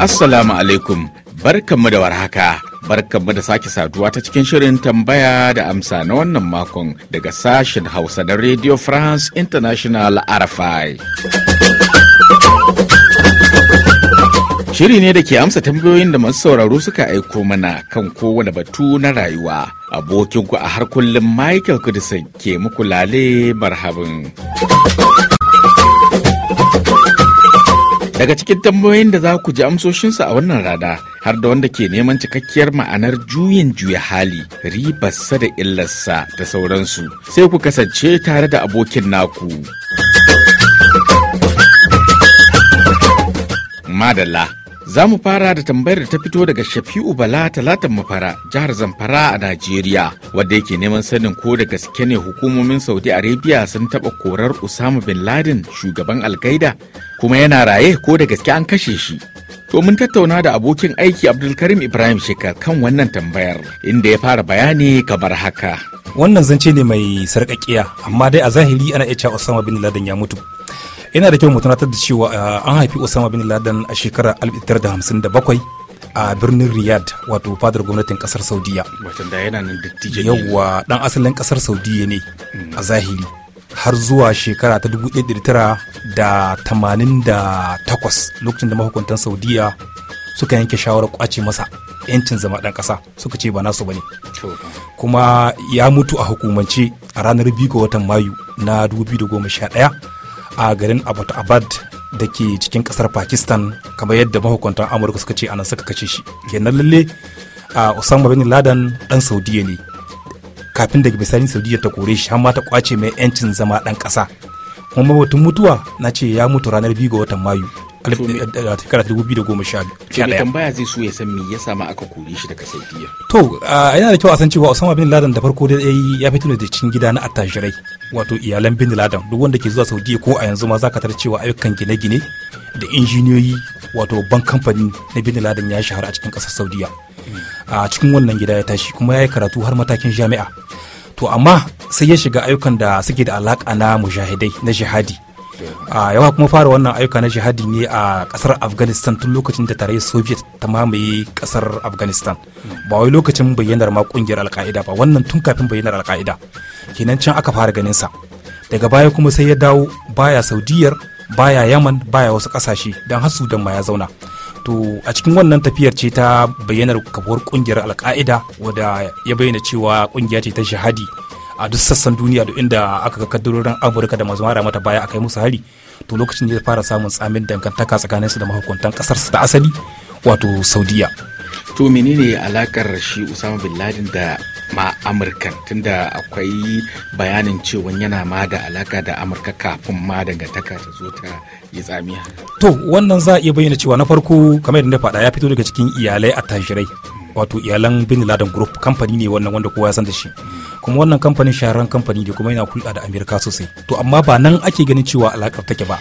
Assalamu alaikum, barkanmu da warhaka. Barkanmu da sake saduwa ta cikin shirin tambaya da amsa na wannan makon daga sashen Hausa na Radio France International RFI. Shiri ne da ke amsa tambayoyin da masu sauraro suka aiko mana kan kowane batu na rayuwa. Abokinku a har kullum Michael Kudisin ke muku lale marhabin. Daga cikin tambayoyin da za ku ji amsoshinsa a wannan rada, har da wanda ke neman cikakkiyar ma'anar juyin juya hali, ribarsa da illarsa da sauransu. Sai ku kasance tare da abokin naku. Madalla. Za mu fara da tambayar da ta fito daga Shafi'u Bala Talatan Mafara, jihar Zamfara a Najeriya, wadda yake neman sanin ko da gaske ne hukumomin Saudi Arabia sun taɓa korar Usama bin Laden shugaban Alkaida, kuma yana raye ko da gaske an kashe shi. To mun tattauna da abokin aiki Abdulkarim Ibrahim Shekar kan wannan tambayar inda ya fara bayani kamar haka. Wannan zance ne mai sarƙaƙiya amma dai a zahiri ana iya cewa Osama bin Laden ya mutu. Yana da kyau mu tunatar da cewa eh, an haifi Osama bin Laden a shekarar 1957 a birnin riyad wato fadar gwamnatin kasar Saudiya. Wato da yana nan dattijo. Yawwa dan asalin kasar Saudiya ne a zahiri. har zuwa shekara ta da 1988 lokacin da mahukuntan saudiya suka yanke shawarar kwace masa yancin zama ɗan ƙasa suka ce ba nasu ba ne kuma ya mutu a hukumance a ranar biyu ga watan mayu na ɗaya a garin abbottabad da ke cikin ƙasar pakistan kamar yadda mahukuntan amurka suka ce anan suka kashe shi kenan lalle a osama bin laden ɗan saudiya ne kafin daga bisani saudiya ta kore shi har ma ta kwace mai yancin zama dan kasa kuma batun mutuwa na ce ya mutu ranar biyu ga watan mayu shekara ta da tambaya zai so ya san me ya aka kore shi daga saudiya. to yana da kyau a san cewa bin laden da farko da ya yi ya fito da cikin gida na attajirai wato iyalan bin laden duk wanda ke zuwa saudiya ko a yanzu ma za ka cewa ayyukan gine-gine da injiniyoyi wato ban kamfani na bin laden ya shahara a cikin ƙasar saudiya. a cikin wannan gida ya tashi kuma ya yi karatu har matakin jami'a to amma sai ya shiga ayyukan da suke da alaka na mujahidai na jihadi yawa kuma fara wannan ayyuka na jihadi ne a kasar afghanistan tun lokacin da tarayyar soviet ta mamaye kasar afghanistan ba wai lokacin bayyanar ma kungiyar alka'ida ba wannan tun kafin bayyanar alka'ida kenan can aka fara ganin sa daga baya kuma sai ya dawo baya saudiyar baya yaman baya wasu kasashe don hasu sudan ma ya zauna to a cikin wannan tafiyar ce ta bayyanar kafuwar kungiyar alka'ida wadda ya bayyana cewa kungiya ce ta shahadi a duk sassan duniya da inda aka ga kaddarorin amurka da masu mara mata baya aka yi musu hari to lokacin da ya fara samun tsamin dangantaka tsakaninsu da mahukuntan kasarsu ta asali wato saudiya to menene alakar shi usama bin laden da ma amurkan tunda akwai bayanin cewa yana ma da alaka da amurka kafin ma dangantaka ta zo ta yi tsamiya to wannan za a iya bayyana cewa na farko kamar yadda faɗa ya fito daga cikin iyalai attajirai wato iyalan bin laden group kamfani ne wannan wanda kowa ya san da shi kuma wannan kamfanin shahararren kamfani ne kuma yana hulɗa da amurka sosai to amma ba nan ake ganin cewa alakar take ba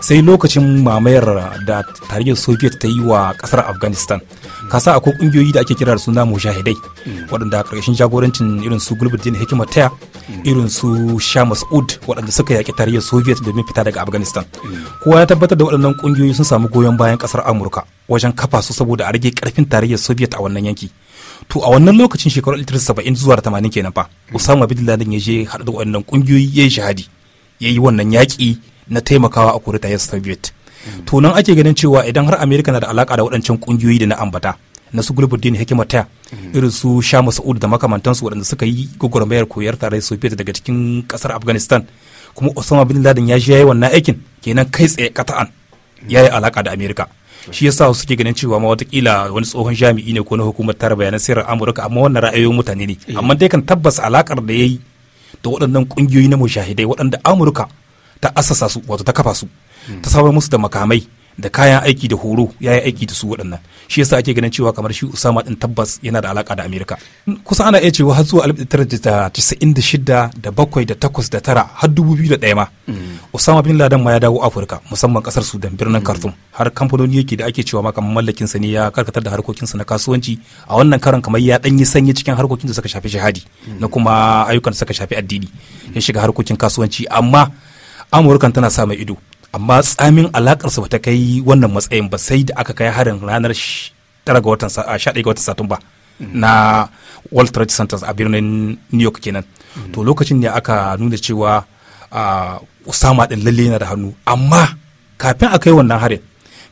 sai lokacin mamayar da tarayyar soviet ta yi wa kasar afghanistan kasa akwai kungiyoyi da ake kira da suna mujahidai waɗanda a ƙarƙashin jagorancin irin su gulbuddin hikima taya irin su sha mas'ud waɗanda suka yaƙi tarayyar soviet domin fita daga afghanistan kowa ya tabbatar da waɗannan kungiyoyi sun samu goyon bayan kasar amurka wajen kafa su saboda a rage ƙarfin tarayyar soviet a wannan yanki to a wannan lokacin shekarar saba'in zuwa tamanin kenan fa usama bin laden ya je haɗa da waɗannan kungiyoyi ya yi shahadi ya yi wannan yaƙi na taimakawa a kure tarayyar soviet tunan ake ganin cewa idan har america na da alaka da waɗancan ƙungiyoyi da na ambata na su gulbuddin ta. irin su sha sa'ud da makamantansu waɗanda suka yi gwagwarmayar koyar da soviet daga cikin kasar afghanistan kuma osama bin laden ya shi ya yi wannan aikin kenan kai tsaye kata'an ya yi alaka da america shi yasa suke ganin cewa ma kila wani tsohon jami'i ne ko na hukumar tara bayanan sirrin amurka amma wannan ra'ayoyin mutane ne eh. amma dai kan tabbas alakar da ya yi da waɗannan kungiyoyi na mujahidai waɗanda amurka ta asasa su wato ta kafa su ta samar musu da makamai da kayan aiki da horo ya yi aiki da su waɗannan shi yasa ake ganin cewa kamar shi usama din tabbas yana da alaka da amerika kusan ana iya cewa har zuwa alif da bakwai da takwas da tara har ɗaya ma usama bin laden ma ya dawo afirka musamman kasar sudan birnin khartoum har kamfanoni yake da ake cewa ma kamar mallakinsa ne ya karkatar da harkokinsa na kasuwanci a wannan karan kamar ya ɗanyi sanyi cikin harkokin da suka shafi shahadi na kuma ayyukan da suka shafi addini ya shiga harkokin kasuwanci amma amurkan tana sa mai ido amma tsamin alakarsa ba ta kai wannan matsayin ba sai da aka kai harin ranar 11 ga watan satumba na world trade center a birnin new york kenan to lokacin ne aka nuna cewa usama din lalle yana da hannu amma kafin a kai wannan harin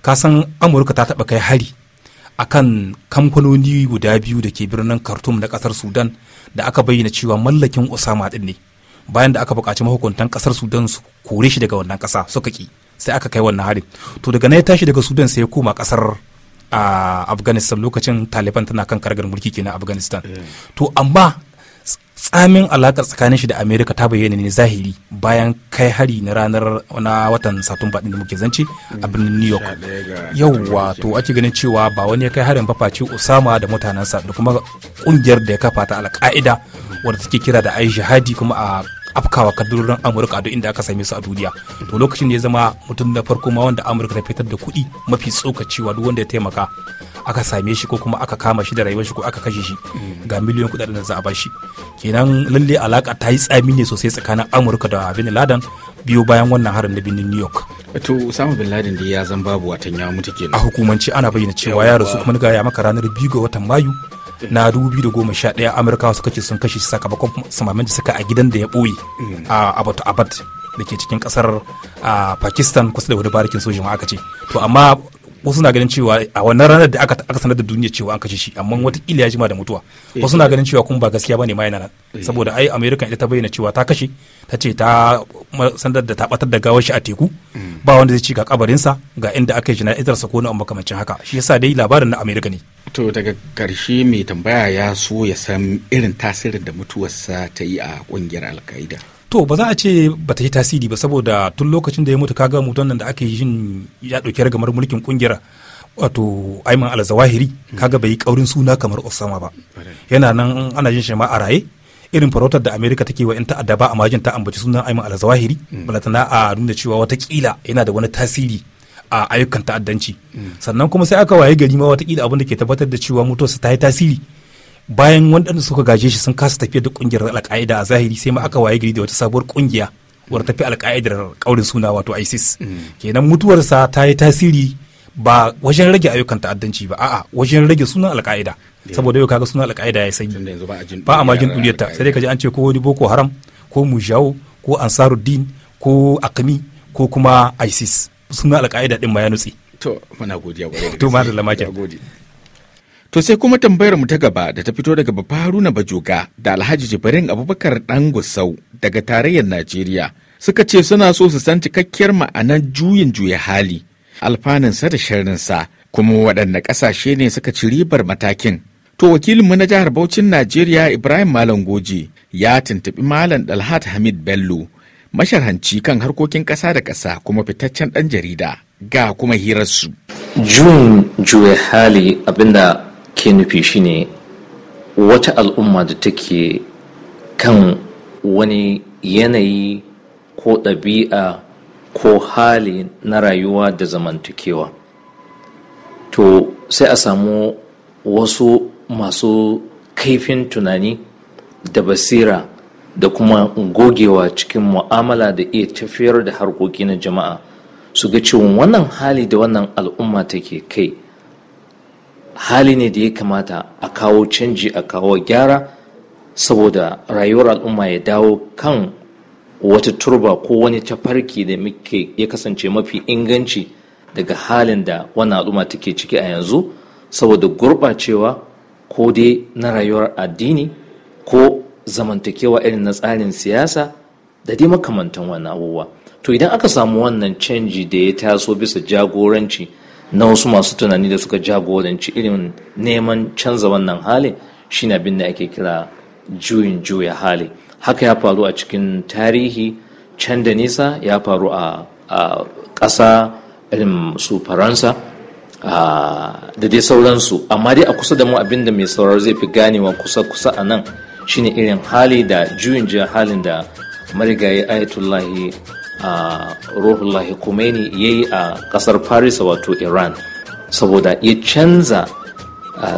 ka san amurka ta taɓa kai hari akan kamfanoni guda biyu da ke birnin khartoum na kasar sudan da aka bayyana cewa mallakin usama din ne bayan da aka buƙaci mahukuntan ƙasar sudan su kore shi daga wannan ƙasa suka ki sai aka kai wannan harin to daga nan ya tashi daga sudan sai ya koma ƙasar a afghanistan lokacin taliban tana kan kargar mulki kenan afghanistan eh. to amma tsamin alaka tsakanin shi da amerika ta bayyana ne zahiri bayan kai hari na ranar na watan satumba din da muke zance a hmm, birnin new york yauwa to ake ganin cewa ba wani ya kai harin bafaci usama da mutanensa da kuma kungiyar da ya kafa ta alƙa'ida wadda take kira da aisha hadi kuma a afkawa kaddarorin amurka duk inda aka same su a duniya to lokacin da ya zama mutum na farko ma wanda amurka ta fitar da kuɗi mafi tsokacewa duk wanda ya taimaka aka same shi ko kuma aka kama shi da rayuwar shi ko aka kashe shi mm. ga miliyan kuɗaɗen da za a bashi kenan lalle alaka ta yi tsami ne sosai tsakanin amurka da bin laden biyo bayan wannan harin na birnin new york to usama bin laden da ya zan babu watan ya mutu kenan a hukumance ana bayyana cewa ya rasu kuma ga ya maka ranar biyu ga watan mayu na 2011 amurkawa suka ce sun kashe sakamakon samamin da suka a gidan da ya ɓoye mm. a abatu abad da ke cikin kasar pakistan kusa da wani barikin sojin aka ce to amma wasu na ganin cewa a wannan ranar da aka sanar da duniya cewa an kashe shi amma mm. watakila ya jima da mutuwa eh. wasu na ganin cewa kuma ba gaskiya bane ma yana nan eh. saboda ai amerika ita ta bayyana cewa ta kashe ta ce ta sanar da ta batar da gawar shi a teku mm. ba wanda zai ci ga kabarinsa ga inda aka yi sa ko na makamancin haka shi yasa dai labarin na amerika ne to daga karshe mai tambaya ya so ya san irin tasirin da mutuwarsa ta yi a kungiyar alkaida to ba za a ce ba ta yi tasiri ba saboda tun lokacin da ya mutu kaga mutum nan da aka yi shin ya ɗauki ragamar mulkin kungiyar wato aiman alzawahiri kaga bai yi kaurin suna kamar osama ba yana nan ana jin shi ma a raye irin farautar da amerika take wa 'yan ta'adda ba a majin ta ambaci sunan aiman alzawahiri mm. balatana a nuna cewa watakila yana da wani tasiri a ayyukan ta'addanci mm. sannan kuma sai aka waye gari ma watakila abin da ke tabbatar da cewa mutuwarsa ta yi tasiri bayan waɗanda suka gaje shi sun kasa tafiya da ƙungiyar alƙa'ida a zahiri sai ma aka waye gari da wata sabuwar ƙungiya wata tafi alƙa'idar ƙaurin suna wato isis hmm. kenan mutuwarsa ta yi tasiri ba wajen rage ayyukan ta'addanci ba a'a wajen rage sunan alƙa'ida saboda yau kaga sunan alƙa'ida ya sanyi ba a majin duniyarta sai dai kaji an ce ko wani boko haram ko mujawo ko ansaruddin ko akami ko kuma isis sunan alƙa'ida din ma ya nutse to muna godiya to ma da lamakin To sai kuma tambayar mu ta gaba da ta fito daga Baffa Haruna Bajoga da Alhaji Jibrin Abubakar Dan Gusau daga tarayyar Najeriya suka ce suna so su san cikakkiyar ma'anar juyin juya hali alfanunsa da sa kuma waɗanne ƙasashe ne suka ci ribar matakin. To wakilinmu na jihar Bauchin Najeriya Ibrahim Malam Goji ya tuntuɓi Malam Dalhat Hamid Bello masharhanci kan harkokin ƙasa da ƙasa kuma fitaccen ɗan jarida ga kuma hirarsu. Jun juya hali abinda ke nufi ne wata al'umma da take kan wani yanayi ko ɗabi'a ko hali na rayuwa da zamantakewa to sai a samu wasu masu kaifin tunani da basira da kuma gogewa cikin mu'amala da iya tafiyar da harkoki na jama'a su ga cewa wannan hali da wannan al'umma take kai hali ne da ya kamata a kawo canji a kawo gyara saboda rayuwar al'umma ya dawo kan wata turba ko wani tafarki da muke ya kasance mafi inganci daga halin da wannan al'umma take ciki a yanzu saboda gurɓacewa ko dai na rayuwar addini ko zamantakewa irin na tsarin siyasa da dai makamantan wannan abubuwa to idan aka samu wannan canji da ya taso bisa jagoranci na wasu masu tunani da suka jagoranci irin neman canza wannan hali shine abin da ake kira juyin juya hali haka ya faru a cikin tarihi can da nisa ya faru a ƙasa irin su faransa da dai sauransu amma dai a kusa da mu abin da mai saurar zai fi ganewa kusa-kusa a nan shine irin hali da juyin juya halin da marigayi ayatullahi ruhullahi kumeni ya yi a kasar paris wato iran saboda ya canza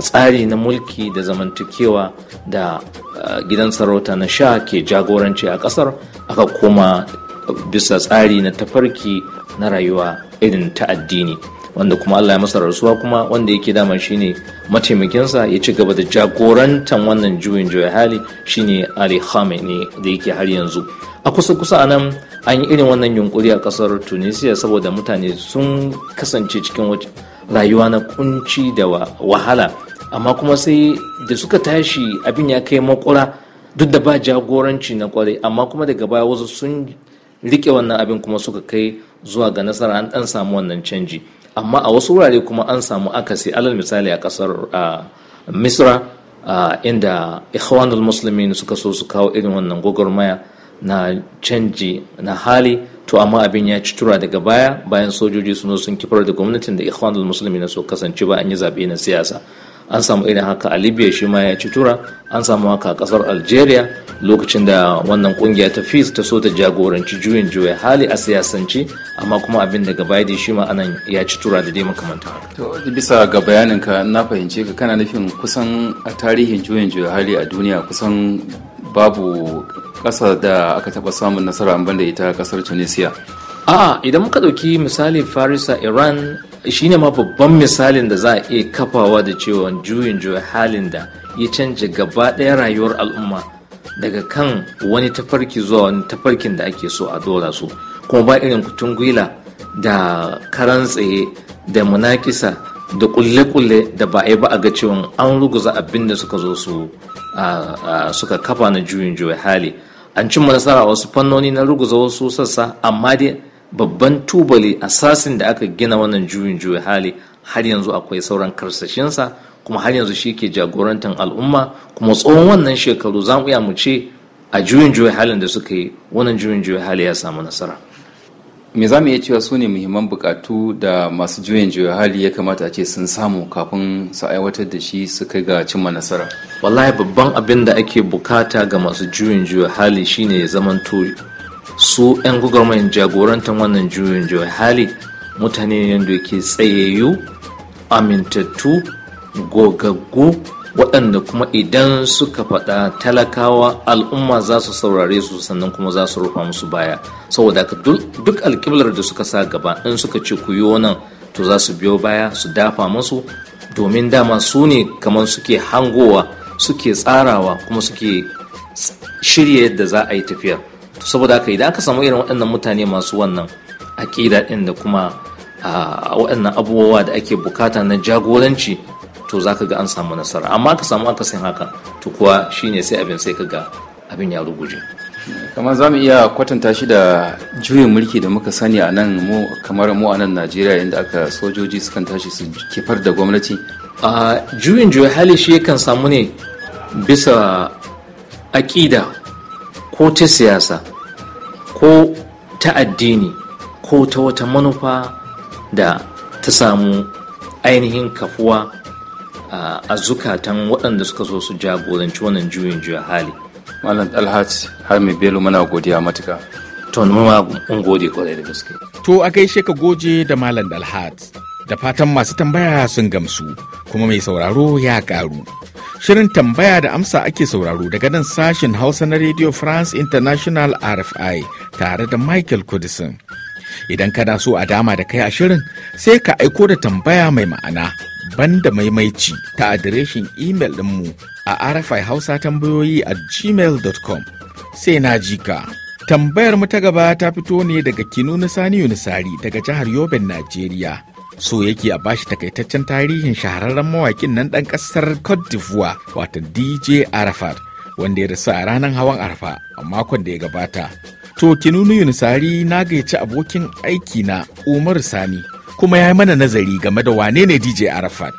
tsari na mulki da zamantakewa da gidan sarauta na sha ke jagoranci a kasar aka koma bisa tsari na tafarki na rayuwa irin ta addini wanda kuma Allah ya masa rasuwa kuma wanda yake dama shine mataimakinsa ya ci gaba da jagorantan wannan juyin juya hali shine Ali Khamenei da yake har yanzu a kusa kusa a nan. an yi irin wannan yunkuri a kasar tunisia saboda mutane sun kasance cikin rayuwa na kunci da wahala amma kuma sai da suka tashi abin ya kai makura duk da ba jagoranci na kwarai amma kuma daga baya wasu sun rike wannan abin kuma suka kai zuwa ga nasara an dan samu wannan canji amma a wasu wurare kuma an samu akasi alal misali a kasar misra inda ikhwanul muslimin suka so su kawo irin wannan maya na canji na hali to amma abin ya ci tura daga baya bayan sojoji sun sun kifar da gwamnatin da ikhwan musulmi na so kasance ba an yi zaɓe na siyasa an samu irin haka a libya shi ma ya ci tura an samu haka a ƙasar algeria lokacin da wannan kungiya ta fis ta so ta jagoranci juyin juya hali a siyasance amma kuma abin daga baya da shi ma anan ya ci tura da dai makamanta to bisa ga bayanin ka na fahimce ka kana nufin kusan a tarihin juyin juya hali a duniya kusan babu Ƙasa da aka taɓa samun nasara an banda ita ƙasar tunisia a'a idan muka ɗauki misali farisa iran shine ma babban misalin da za a iya kafawa da cewa juyin juya halin da ya canja gaba ɗaya rayuwar al'umma daga kan wani tafarki zuwa wani tafarkin da ake so a dora su kuma ba irin kutun gwila da karan tsaye da munakisa da kulle-kulle da ba a yi ba a ga cewa an ruguza abin da suka zo su suka kafa na juyin juya hali an cimma nasara wasu fannoni na ruguza wasu sassa amma dai babban tubali asasin da aka gina wannan juyin juya hali har yanzu akwai sauran karsashinsa kuma har yanzu shi ke jagorantar al'umma kuma tsohon wannan shekaru za mu iya mu ce a juyin juya halin da suka yi wannan juyin juya hali ya samu nasara me za mu iya cewa su ne muhimman bukatu da masu juyin juya hali ya kamata a ce sun samu kafin su aiwatar da shi su kai ga cimma nasara wallahi babban abin da ake bukata ga masu juyin juya hali shine ya zamanto su 'yan gugurmayin jagorantar wannan juyin juya hali mutane ne da ke tsayayyu amintattu gogaggu waɗanda kuma idan suka faɗa talakawa al'umma za su saurare su sannan kuma za su rufa musu baya saboda ka duk alƙiblar da suka sa gaba in suka ce ku yi nan to za su biyo baya su dafa musu domin dama su ne kamar suke hangowa suke tsarawa kuma suke shirya yadda za a yi tafiyar, to saboda haka idan aka samu irin waɗannan mutane masu wannan aƙida ɗin da kuma ah, waɗannan abubuwa da ake bukata na jagoranci to za ka ga an samu nasara amma ka samu akasin haka to kuwa shine sai abin sai ka ga abin ya ruguje kamar za mu iya kwatanta shi da juyin mulki da muka sani a nan mu kamar mu a nan najeriya inda aka sojoji sukan tashi su kifar da gwamnati a juyin juya hali shi yakan samu ne bisa aƙida ko ta siyasa ko ta addini ko ta wata manufa da ta samu ainihin kafuwa a zukatan waɗanda suka so su jagoranci wannan juyin juya hali malam dalhat har mai belo godiya matuka to ma mun gode kwarai da gaske to a gaishe ka goje da malam dalhat da fatan masu tambaya sun gamsu kuma mai sauraro ya ƙaru, Shirin tambaya da amsa ake sauraro daga nan sashen Hausa na Radio France International RFI tare da Michael Kudisin. Idan kana so a dama da kai a shirin sai ka aiko da tambaya mai ma'ana banda maimaici ta adireshin imel mu a rfi hausa tambayoyi a gmail.com sai na ji ka. Tambayar mu ta gaba ta fito ne daga Kinuni Sani Yunusari daga jihar Yoben, Najeriya. So yake a bashi takaitaccen tarihin shahararren mawakin nan ɗan ƙasar Cote d'Ivoire wato DJ Arafat wanda ya rasu a ranar hawan Arafa a makon da ya gabata. To Kinunu yunisari na gayyaci abokin aiki na Umar Sani kuma ya yi mana nazari game da wane ne DJ Arafat.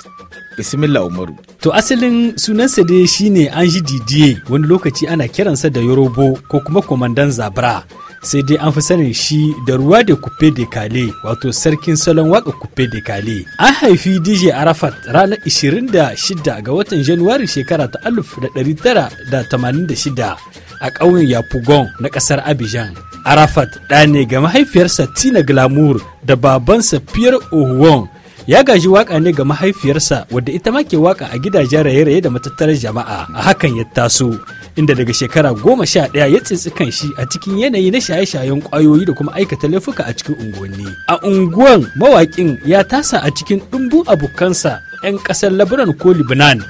Bismillah Umaru. To asalin sunansa dai shine Anji didiye wani lokaci ana kiransa da Yorobo ko kuma Kwamandan Zabra. sai dai an fi sanin shi da ruwa da kufe de kale wato sarkin salon waka kufe de kale an haifi dj arafat ranar 26 ga watan januwari shekara ta 1986 a ƙauyen yapugon na ƙasar abidjan arafat ɗa ne ga mahaifiyarsa tina glamour da babansa Pierre Ohuwon ya gaji waka ne ga mahaifiyarsa wadda ita ma ke waka a gidajen raye-raye da matattarar jama'a a hakan ya taso inda daga shekara goma sha ɗaya ya tsitsi kan shi a cikin yanayi na shaye-shayen kwayoyi da kuma aikata laifuka a cikin unguwanni a unguwan mawaƙin ya tasa a cikin ɗumbun abokansa 'yan ƙasar labaran ko libanan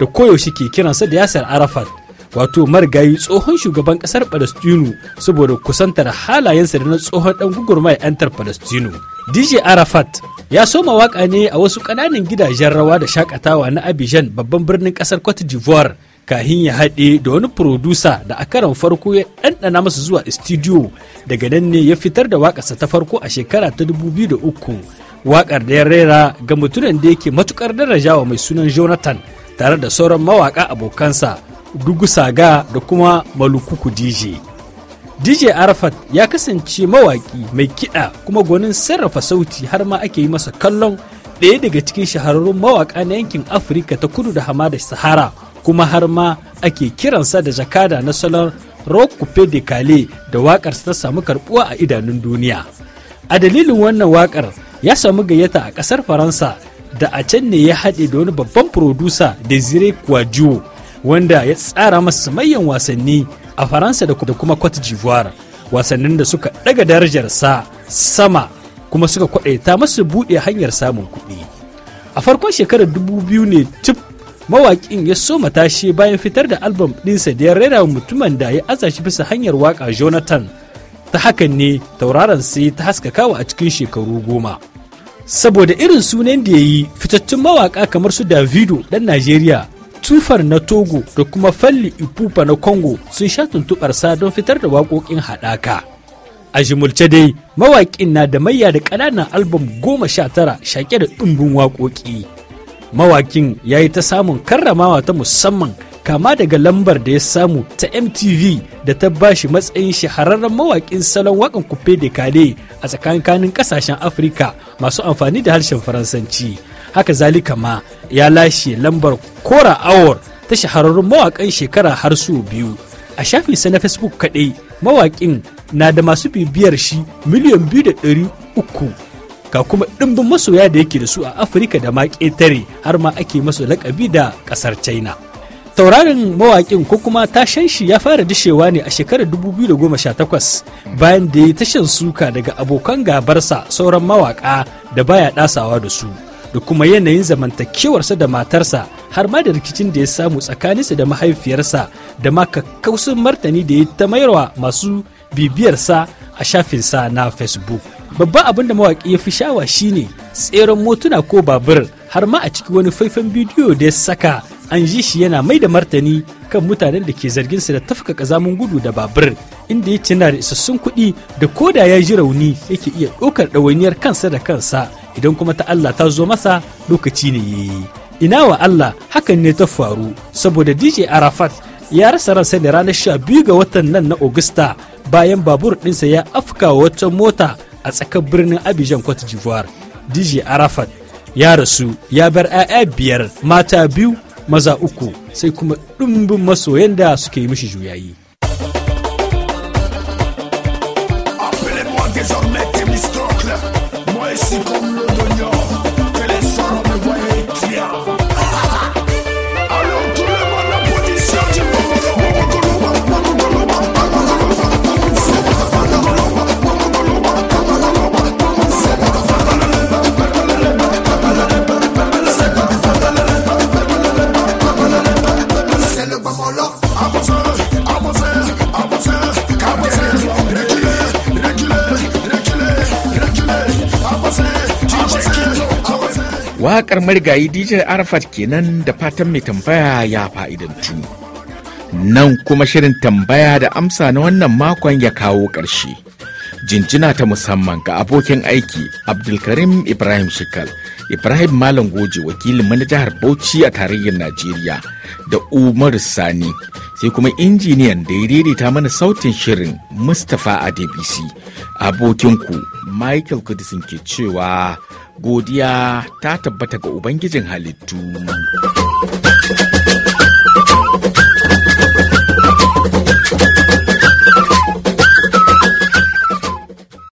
da koyaushe ke kiransa da yasar arafat wato marigayi tsohon shugaban kasar palestinu saboda kusantar halayensa da na tsohon dan gugurmai 'yantar palestinu dj arafat ya soma waka ne a wasu ƙananan gidajen rawa da shakatawa na abijan babban birnin kasar cote d'ivoire kahin ya haɗe da wani furodusa da a karon farko ya ɗanɗana masa zuwa studio daga nan ne ya fitar da wakarsa ta farko a shekara ta 2003 waƙar da ya rera ga mutumin da yake matukar darajawa mai sunan jonathan tare da sauran mawaka abokansa dugusaga da kuma malukuku dj dj arafat ya kasance mawaki mai kiɗa kuma gwanin sarrafa sauti har ma ake yi masa kallon ɗaya daga cikin shahararrun mawaka na yankin afirka ta kudu da hamada sahara kuma har ma ake kiransa da jakada na salon rock coupe de kale da waƙarsa ta samu karɓuwa a idanun duniya a dalilin wannan waƙar ya samu gayyata a ƙasar faransa da a can ne ya haɗe da wani babban furodusa desire kwajiyo wanda ya tsara masa mayan wasanni a faransa da kuma cote d'ivoire wasannin da suka daga sa, sama kuma suka kwadaita masa buɗe hanyar samun kuɗi a farkon shekarar dubu biyu ne tip mawaƙin ya so matashe bayan fitar da albam ɗinsa da ya rera mutumin da ya aza shi bisa hanyar waƙa jonathan ta haka ne tauraron sai ta haskakawa a cikin shekaru goma saboda irin sunan da ya yi fitattun mawaƙa kamar su davido ɗan najeriya tufar na togo da kuma falli ipupa na congo sun sha tuntubar sa don fitar da waƙoƙin haɗaka a jimulce dai mawaƙin na da mayya da ƙananan albam goma sha tara shaƙe da ɗumbin waƙoƙi mawaƙin ya yi ta samun karramawa ta musamman kama daga lambar da ya samu ta mtv da ta bashi matsayin shahararren mawaƙin salon waƙan kufe de kale a tsakankanin ƙasashen afirka masu amfani da harshen faransanci haka zalika ma ya lashe lambar kora awar ta shahararrun mawakan shekara har su biyu a shafinsa na facebook kaɗai mawakin na da masu bibiyar shi miliyan biyu da ɗari uku ga kuma ɗimbin masoya da yake da su a afirka da ma ƙetare har ma ake masa lakabi da ƙasar china taurarin mawaƙin ko kuma tashan shi ya fara dashewa ne a shekarar 2018 bayan da ya tashan suka daga abokan gabarsa sauran mawaƙa da baya ɗasawa da su da kuma yanayin zamantakewarsa da matarsa har ma da rikicin da ya samu tsakaninsa da mahaifiyarsa da ma kakkausun martani da ya ta mayarwa masu bibiyarsa a shafinsa na facebook babban abin da mawaƙi ya fi shawa shine tseren motuna ko babur har ma a ciki wani faifan bidiyo da ya saka an ji shi yana mai da martani kan mutanen da ke zargin su da tafka kazamin gudu da babur inda ya ce na da isassun kuɗi da koda ya ji rauni yake iya ɗaukar ɗawainiyar kansa da kansa idan kuma ta Allah ta zo masa lokaci ne ya yi ina wa Allah hakan ne ta faru saboda DJ Arafat ya rasa ransa ne ranar sha biyu ga watan nan na Augusta bayan babur ɗinsa ya afka wata mota a tsakar birnin Abidjan Cote d'Ivoire DJ Arafat ya rasu ya bar 'ya'ya biyar mata biyu maza uku sai kuma ɗumbin masoyan da suke yi mishi juyayi waƙar marigayi DJ Arafat kenan da fatan mai tambaya ya fa'idantu. Nan kuma shirin tambaya da amsa na wannan makon ya kawo ƙarshe. Jinjina ta musamman ga abokin aiki Abdulkarim Ibrahim Shikal, Ibrahim Malam Goje wakilin manajar Bauchi a tarayyar Najeriya da Umar Sani. Sai kuma injiniyan da ya daidaita mana sautin shirin Mustapha Adebisi, abokinku Michael Kudisin ke cewa godiya ta tabbata ga Ubangijin halittu.